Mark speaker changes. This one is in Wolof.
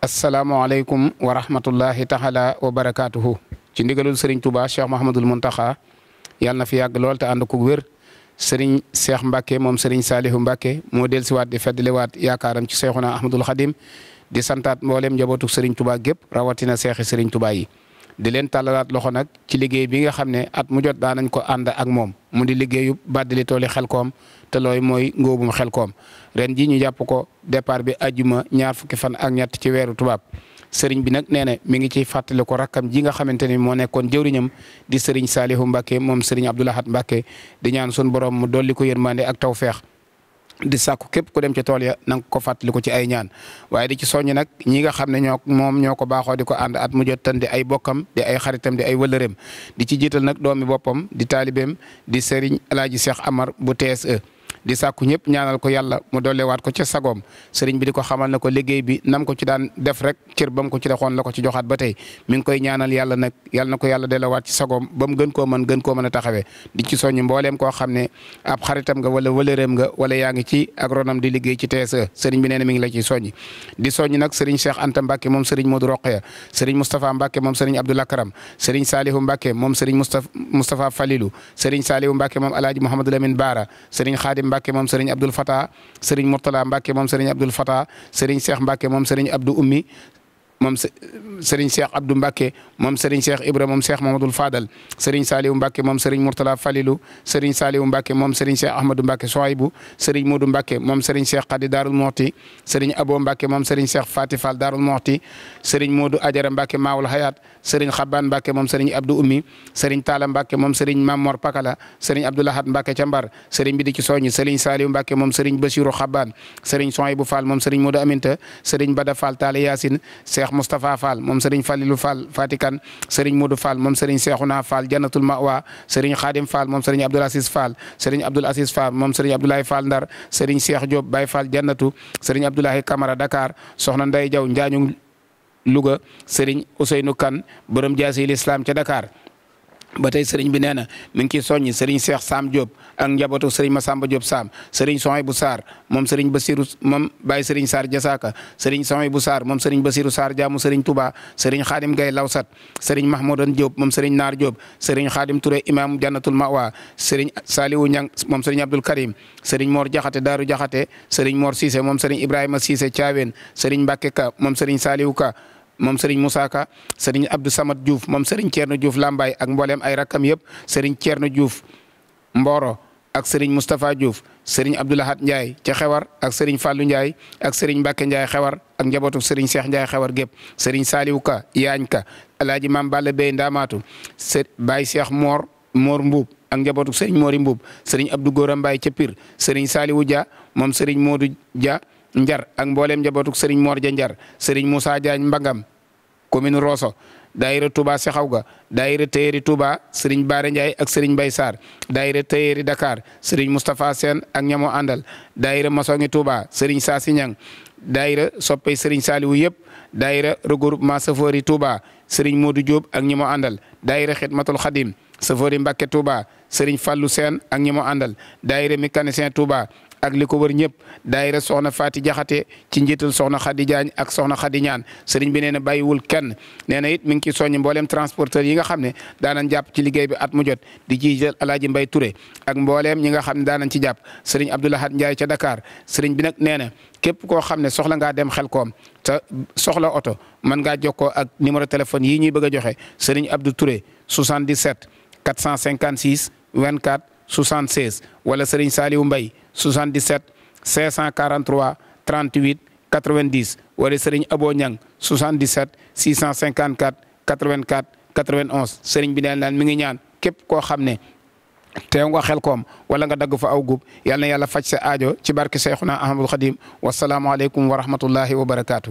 Speaker 1: asalaamualeykum wa rahmatullahi taala wa barakaatuhu ci ndigalul sëriñ Touba Cheikh Mahamadul Muntaxa yàlla na fi yàgg lool te ànd ko wér sëriñ Cheikh mbake moom sëriñ Saalihu Mbacke moo dellusiwaat di feddliwaat yaakaaram ci Cheikhuna Ahmadul Xadim di santaat mboolem njabootu sëriñ Touba gépp rawatina seexi sëriñ Touba yi. di leen tàllalaat loxo nag ci liggéey bi nga xam ne at mu jot daanañ ko ànd ak moom mu di liggéeyu bàddali tooli Xelkom te looy mooy ngóobum Xelkom ren ji ñu jàpp ko départ bi ajuma ñaar fukki fan ak ñett ci weeru tubaab sëriñ bi nag nee na mi ngi ciy fàttali ko rakkam ji nga xamante ni moo nekkoon jëwriñam di sëriñ Saalihu Mbàkke moom sëriñ Abdoulahat Mbàkke di ñaan sun borom mu dolli ko yërmande ak tawfeex di sàkku képp ku dem ci tool ya na nga ko ci ay ñaan waaye di ci soññ nag ñi nga xam ne ñoo moom ñoo ko baaxoo di ko ànd at mu jot tan di ay bokkam di ay xaritam di ay wëlëreem di ci jiital nag doomi boppam di taalibeem di sëriñ alaaji Cheikh Amar bu TSE di sàkku ñëpp ñaanal ko yàlla mu dollewaat ko ca sagoom sëriñ bi di ko xamal na ko liggéey bi nam ko ci daan def rek cër ba mu ko ci doxoon la ko ci joxaat ba tey mi ngi koy ñaanal yàlla nag yàlla na ko yàlla dellewaat ci sagoom ba gën koo mën gën koo mën a taxawee di ci soññ mbooleem koo xam ne ab xaritam nga wala wëlëreem nga wala yaa ngi ci ak di liggéey ci TSE sëriñ bi nee na mi ngi la ciy soññ di soññ nag sëriñ Cheikh Anta Mbacke moom sëriñ Modou Roqeya sëriñ Moustapha Mbacke moom sëriñ Abdou Lakram sëriñ Salihu Mbacke moom sëriñ Moustapha Falilou sëriñ Salihu Mbacke moom Alaaji Mouhamadou Lamine Baara sëriñ Xaadim Mbacke moom Serigne Abdoul Fata Serigne Mourtala Mbacke moom Serigne Abdoul Fata Serigne Cheikh Mbacke moom Serigne Abdou Ummi moom Serigne Cheikh Abdou Mbacke moom Serigne Cheikh Ibra moom Cheikh Mamadou Fadal Serigne Saliou Mbacke moom Serigne Mourtala Falilou Serigne Saliou Mbacke moom Serigne Cheikh Ahmadou Mbacke Soaibou Serigne Modou Mbacke moom Serigne Cheikh Khady Darou Mouhty Serigne Abo Mbacke moom Serigne Cheikh Fati Fall Darou Mouhty Serigne Modou Adjara Mbacke Maawul Hayat Serigne Xaban Mbacke moom Serigne Abdou Ummi Serigne Talla Mbacke moom Serigne Mamor Pakala Serigne Abdoulahat Mbacke Cambar Serigne bi di ci soññi Serigne Saliou Mbacke moom Serigne Bassirou Xaban Serigne Soaibou Fall moom Serigne Modou Aminta Serigne Bada Fall Talla Yacine Cheikh Moustapha Fall moom Serigne Falilou Fall Fatikan Serigne Modou Fall moom Serigne Cheikhouna Fall Jannatul Mawa seriñ Khadim Fall moom Serigne Abdoul Aziz Fall Serigne Abdoul Aziz Fall moom Serigne Abdoulaye Fall Ndar Serigne Cheikh Diop Baye Fall Jannatu Serigne Abdoulaye Camara Dakar Soxna Ndeye Diaw Njaañu Louga Serigne borom jaasi l'islam ca Dakar ba tey sëriñ bi nee na mi ngi ciy soññi sëriñ Cheikh saam Diop ak njabootu sëriñ Massamba Diop Sam sëriñ Sohay bu Sarr moom sëriñ Basirou moom Baye sëriñ Sarr Jasaaka sëriñ Sohay bu Sarr moom sëriñ Basirou Sarr jaamu sëriñ Touba sëriñ Khadim Gaye Lawsat sëriñ Mahmoudan Diop moom sëriñ Naar Diop sëriñ Khadim Touré imam Jannatul Mawa sëriñ Saliwu Ñang moom sëriñ Abdul Karim sëriñ Mor Jaxate Daaru Jaxate sëriñ Mor Cissé moom seriñ Ibrahima Cissé Thiawén sëriñ Mbàkke Ka moom sëriñ Saliwu Ka moom Serigne Moussa Ka Serigne Abdou Samad Diouf moom Serigne Thierno Diouf Lambaye ak mbooleem ay rakkam yëpp Serigne Thierno Diouf Mboro ak Serigne Moustapha Diouf Serigne Abdoulahat Ndiaye ca xewar ak Serigne Fallou Ndiaye ak Serigne Mbacke Ndiaye xewar ak njabootu Serigne Cheikh Ndiaye xewar gépp Serigne Saliou Ka Yaañ Ka Alaaji Maam Balla Bey Ndaamaatu se Baye Cheikh Mor Mor Mbuub ak njabootu Serigne Mori Mbuub Serigne Abdou Gora Mbaye ca Pire Serigne Saliou Dia moom Serigne Modou Njar ak mbooleem njabootuk Serigne Mor Dia Njar Serigne Moussa Diagne Mbangam commune roso daayira Touba Sexaw ga daayira Téyéri Touba Serigne Baare Ndiaye ak Serigne Bay Sarr daayira Téyéri Dakar Serigne Moustapha Sène ak ñamoo àndal daayira Masongi Touba Serigne Saasi Ñang daayira soppey Serigne Saliou yëpp daayira regroupement Safori Touba Serigne Modou Diop ak ñi moo àndal daayira Xidmatul Xadim Safori Mbacke sëriñ Fallou Seen ak ñi mu àndal daayira mécanicien Touba ak li ko wër ñëpp daayira soxna Faati Jaxate ci njiital soxna Xadi Jaañ ak soxna Xadi Ñaan sëriñ bi nee na bàyyiwul kenn nee na it mi ngi ciy soññ mboolem transporteur yi nga xam ne daana jàpp ci liggéey bi at mu jot di jiital Alaaji Mbay Ture ak mbooleem ñi nga xam ne daanañ ci jàpp sëriñ Abdoulahad Ndiaye ca Dakar sëriñ bi nag nee na képp koo xam ne soxla ngaa dem xel Xelkom te soxla oto mën ngaa jokkoo ak numéro téléphone yii ñuy bëgg a joxe sëriñ Abdou Touré 77 456 24 76 wala Serigne Saliou Mbaye 77 543 38 90 wala Serigne Abo Niang 77 654 84 91 Serigne bi daal mi ngi ñaan képp koo xam ne teew nga xel koom wala nga dagg fa aw gub yal na yàlla faj sa aajo ci barke Seexuna Ahmadul Xadim wasalaamualeykum wa rahmatullahi wa barakaatu.